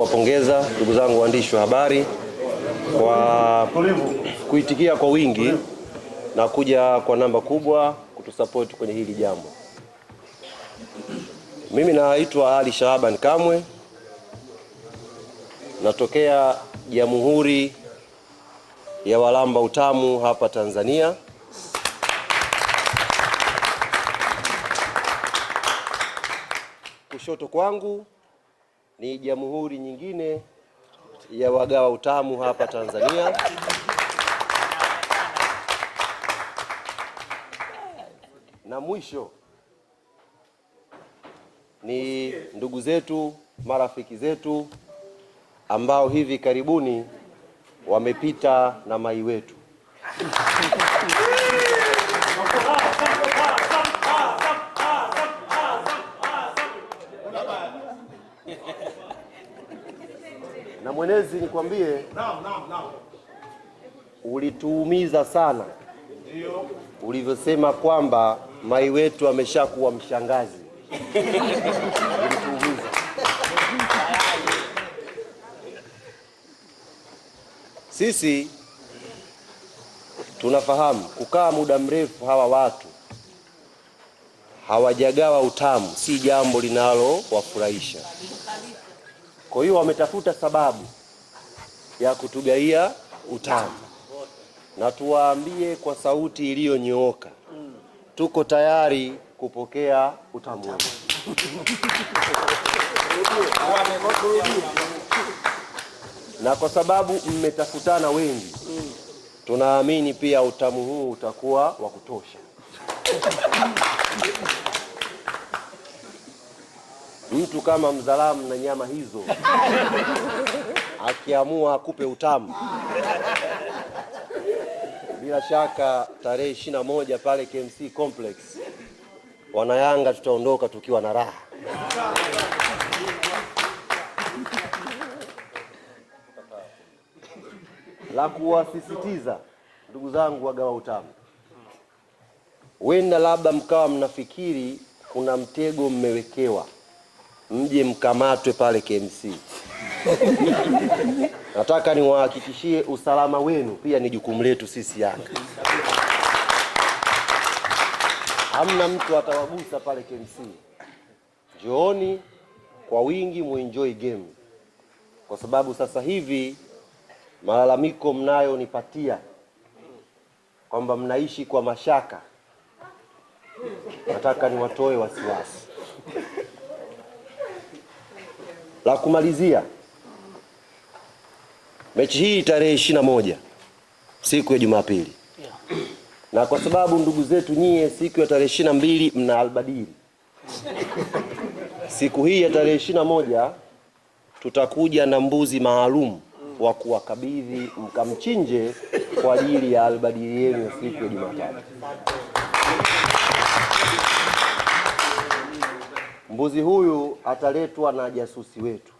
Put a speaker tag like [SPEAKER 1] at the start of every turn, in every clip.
[SPEAKER 1] Wapongeza ndugu zangu waandishi wa habari kwa kuitikia kwa wingi na kuja kwa namba kubwa kutusapoti kwenye hili jambo. Mimi naitwa Ali Shahaban Kamwe, natokea Jamhuri ya Walamba Utamu hapa Tanzania. Kushoto kwangu ni jamhuri nyingine ya wagawa utamu hapa Tanzania. Na mwisho ni ndugu zetu, marafiki zetu ambao hivi karibuni wamepita na mai wetu mwenezi, nikwambie, ulituumiza sana ulivyosema kwamba mai wetu ameshakuwa mshangazi. Ulituumiza sisi tunafahamu kukaa muda mrefu hawa watu hawajagawa utamu, si jambo linalowafurahisha. Kwa hiyo wametafuta sababu ya kutugaia utamu, na tuwaambie kwa sauti iliyonyooka, tuko tayari kupokea utamu. na kwa sababu mmetafutana wengi, tunaamini pia utamu huu utakuwa wa kutosha. mtu kama Mzalamu na nyama hizo akiamua akupe utamu. Bila shaka tarehe ishirini na moja pale KMC Complex wanayanga tutaondoka tukiwa na raha. La kuwasisitiza ndugu zangu wagawa utamu, wenda labda mkawa mnafikiri kuna mtego mmewekewa mje mkamatwe pale KMC. Nataka niwahakikishie usalama wenu pia ni jukumu letu sisi Yanga. Hamna mtu atawagusa pale KMC. Njooni kwa wingi muenjoy game, kwa sababu sasa hivi malalamiko mnayonipatia kwamba mnaishi kwa mashaka, nataka niwatoe wasiwasi. La kumalizia mechi hii tarehe ishirini na moja siku ya Jumapili yeah. na kwa sababu ndugu zetu nyie, siku ya tarehe ishirini na mbili mna albadiri siku hii ya tarehe ishirini na moja tutakuja na mbuzi maalum wa kuwakabidhi mkamchinje kwa ajili ya albadiri yenu ya siku ya Jumatatu. Mbuzi huyu ataletwa na jasusi wetu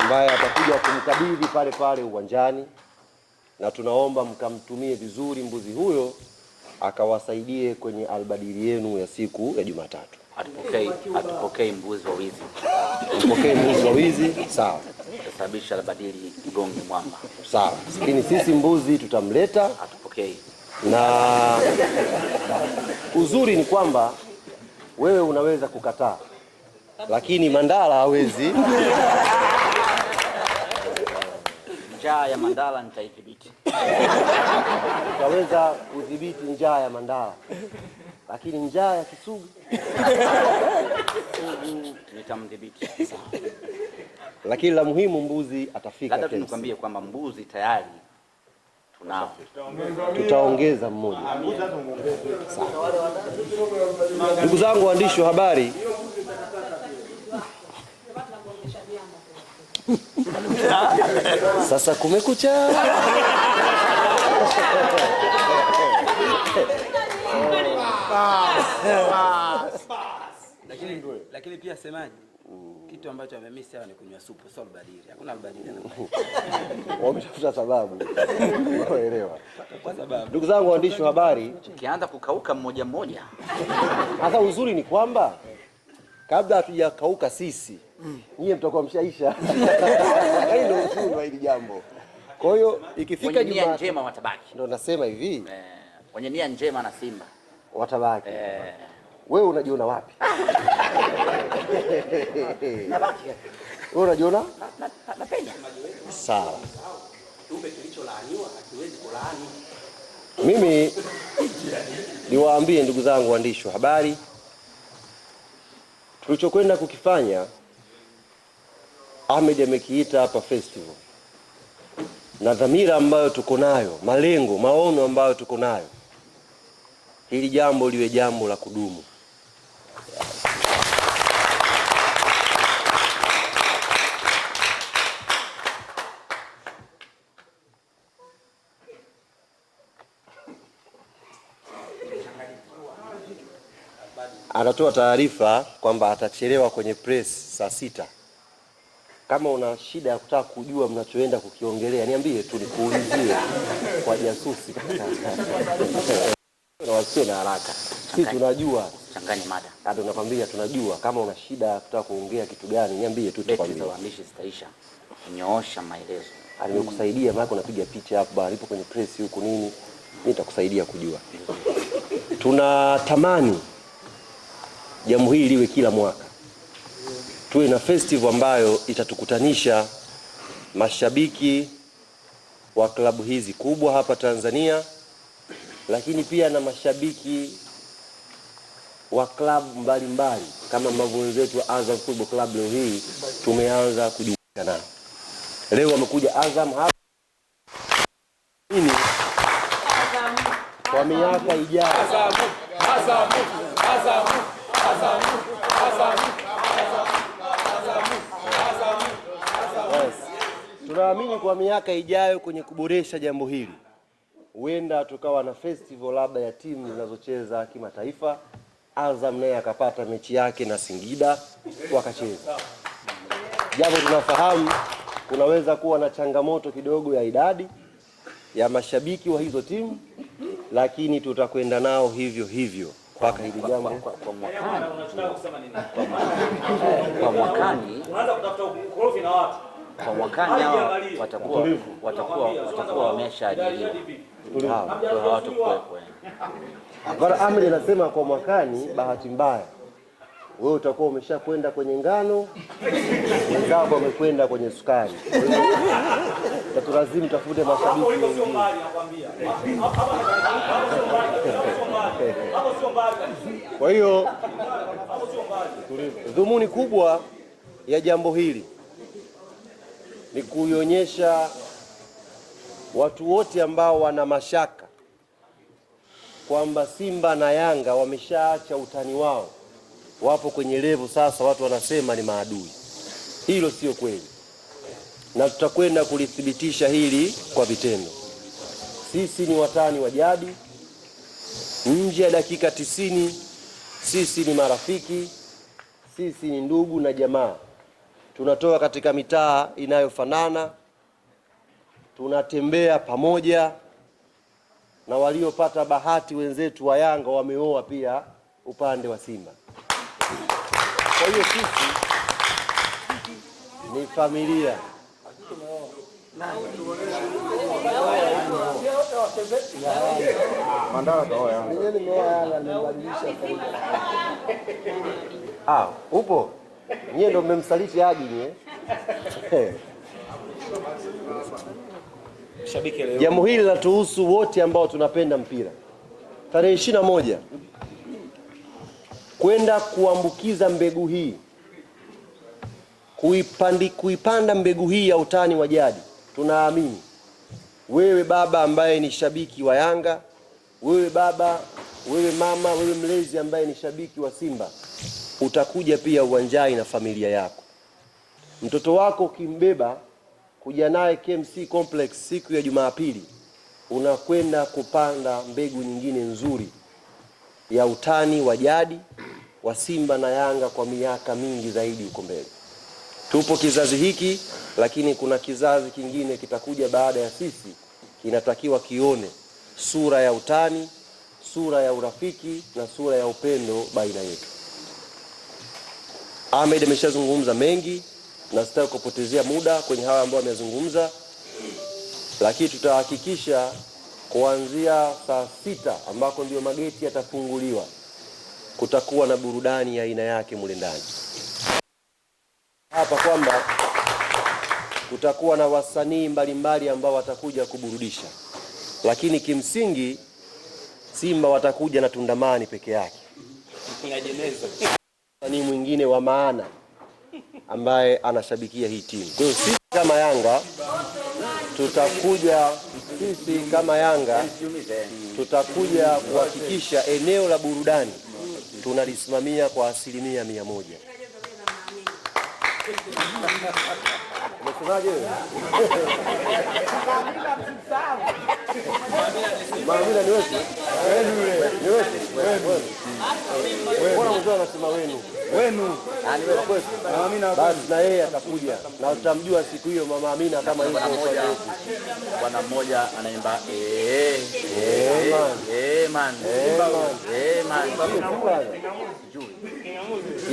[SPEAKER 1] ambaye atakuja kumkabidhi pale pale uwanjani, na tunaomba mkamtumie vizuri mbuzi huyo akawasaidie kwenye albadili yenu ya siku ya Jumatatu.
[SPEAKER 2] Atupokei, atupokei mbuzi wa wizi,
[SPEAKER 1] atupokei mbuzi wa wizi. Sawa,
[SPEAKER 2] tutasababisha albadili igonge mwamba.
[SPEAKER 1] Sawa, lakini sisi mbuzi tutamleta. Hatupokei na uzuri ni kwamba wewe unaweza kukataa, lakini Mandala hawezi
[SPEAKER 2] njaa ya Mandala nitaidhibiti.
[SPEAKER 1] Utaweza kudhibiti njaa ya Mandala, lakini njaa ya Kisugu
[SPEAKER 2] nitamdhibiti.
[SPEAKER 1] Lakini la muhimu, mbuzi atafika. Labda
[SPEAKER 2] nikwambie kwamba mbuzi tayari tunao,
[SPEAKER 1] tutaongeza mmoja. Ndugu zangu waandishi wa habari Sasa kumekucha.
[SPEAKER 2] Lakini lakini pia semaji kitu ambacho amemisi hawa ni kunywa supu, sio albadili. Hakuna albadili
[SPEAKER 1] anafanya. Wameshafuta sababu. Unaelewa? Kwa sababu ndugu zangu waandishi wa habari,
[SPEAKER 2] ukianza kukauka mmoja mmoja.
[SPEAKER 1] hasa uzuri ni kwamba kabla hatujakauka sisi mm. Nyie mtakuwa mshaisha lakini ndio uzuri wa hili jambo. Kwa hiyo ikifika Jumaa
[SPEAKER 2] njema watabaki,
[SPEAKER 1] ndio nasema hivi eh,
[SPEAKER 2] wenye nia njema na Simba
[SPEAKER 1] watabaki eh. Wewe unajiona wapi? Wewe unajiona napenda sawa. Mimi niwaambie ndugu zangu waandishi wa habari Tulichokwenda kukifanya Ahmed amekiita hapa festival, na dhamira ambayo tuko nayo, malengo, maono ambayo tuko nayo, hili jambo liwe jambo la kudumu. anatoa taarifa kwamba atachelewa kwenye press saa sita. Kama una shida ya kutaka kujua mnachoenda kukiongelea, niambie tu nikuulizie kwa jasusi na wasio na haraka, si tunajua changanya mada. Hata ah, unakwambia tunajua, kama una shida ya kutaka kuongea kitu gani, niambie tu
[SPEAKER 2] tukwambie. Zitaisha nyoosha maelezo,
[SPEAKER 1] mm. maana unapiga picha hapo, bali ipo kwenye press huko nini, mimi nitakusaidia kujua. Tunatamani jambo hili liwe kila mwaka, tuwe na festival ambayo itatukutanisha mashabiki wa klabu hizi kubwa hapa Tanzania, lakini pia na mashabiki wa klabu mbalimbali kama ambavyo wenzetu wa Azam Football Club leo hii tumeanza kujumuika nao. Leo wamekuja Azam hapa kwa miaka ijayo. Yes. Tunaamini kwa miaka ijayo kwenye kuboresha jambo hili huenda tukawa na festival labda ya timu zinazocheza kimataifa. Azam naye akapata mechi yake na Singida wakacheza, japo tunafahamu kunaweza kuwa na changamoto kidogo ya idadi ya mashabiki wa hizo timu, lakini tutakwenda nao hivyo hivyo
[SPEAKER 2] kwa mwakani kwa mwakani hawa eh, watakuwa watakuwa watakuwa wameshaajiriwa, hawatakuwepo.
[SPEAKER 1] amri inasema kwa mwakani. Bahati mbaya wewe utakuwa umeshakwenda kwenye ngano, wenzako wamekwenda kwenye sukari, tatulazimu tafute mashabiki wengine. Kwa hiyo dhumuni kubwa ya jambo hili ni kuionyesha watu wote ambao wana mashaka kwamba Simba na Yanga wameshaacha utani wao, wapo kwenye levu sasa, watu wanasema ni maadui. Hilo sio kweli, na tutakwenda kulithibitisha hili kwa vitendo. Sisi ni watani wa jadi nje ya dakika tisini. Sisi ni marafiki, sisi ni ndugu na jamaa, tunatoka katika mitaa inayofanana, tunatembea pamoja na waliopata bahati wenzetu wa Yanga wameoa pia upande wa Simba. Kwa hiyo sisi ni familia. Mandala ah, kaoa Yanga. Upo nyie, ndo mmemsaliti Adi nyie. Jambo hili linatuhusu wote ambao tunapenda mpira. Tarehe ishirini na moja kwenda kuambukiza mbegu hii, kuipanda mbegu hii ya utani wa jadi, tunaamini wewe baba ambaye ni shabiki wa Yanga, wewe baba, wewe mama, wewe mlezi ambaye ni shabiki wa Simba, utakuja pia uwanjani na familia yako. Mtoto wako ukimbeba kuja naye KMC Complex siku ya Jumapili, unakwenda kupanda mbegu nyingine nzuri ya utani wa jadi wa Simba na Yanga kwa miaka mingi zaidi huko mbele. Tupo kizazi hiki, lakini kuna kizazi kingine kitakuja baada ya sisi inatakiwa kione sura ya utani, sura ya urafiki na sura ya upendo baina yetu. Ahmed ameshazungumza mengi na sitaki kupotezea muda kwenye hawa ambayo amezungumza, lakini tutahakikisha kuanzia saa sita ambako ndiyo mageti yatafunguliwa, kutakuwa na burudani ya aina yake mule ndani hapa kwamba kutakuwa na wasanii mbalimbali ambao watakuja kuburudisha, lakini kimsingi Simba watakuja na Tundamani peke yake. Msanii mwingine wa maana ambaye anashabikia hii timu. Kwa hiyo sisi kama Yanga tutakuja, sisi kama Yanga tutakuja kuhakikisha eneo la burudani tunalisimamia kwa asilimia mia moja. Umesemaje? Maamina ni wetu. Wenu yule. mzee anasema wenu. Wenu. Ah, basi na yeye atakuja. Na utamjua siku hiyo Mama Amina kama yuko mmoja huko.
[SPEAKER 2] Bwana mmoja anaimba eh. Eh man. Eh man. Eh man. Eh man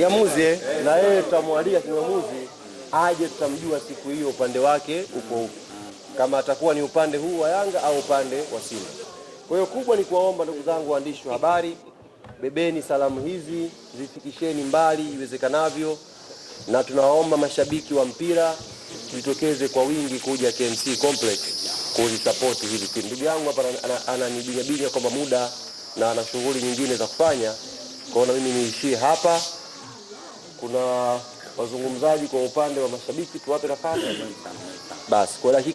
[SPEAKER 1] eh? na yeye tutamwalia kingamuzi aje, tutamjua siku hiyo upande wake uko upi, kama atakuwa ni upande huu wa Yanga au upande wa Simba. Kwa hiyo kubwa ni kuwaomba ndugu zangu waandishi wa habari, bebeni salamu hizi zifikisheni mbali iwezekanavyo, na tunawaomba mashabiki wa mpira tujitokeze kwa wingi kuja KMC Complex kuzisapoti hili timu. Ndugu yangu hapa ananibinyabinya kwamba muda na ana shughuli nyingine za kufanya, kwaona mimi niishie hapa kuna wazungumzaji kwa upande wa mashabiki tuwape nafasi basi kwa dakika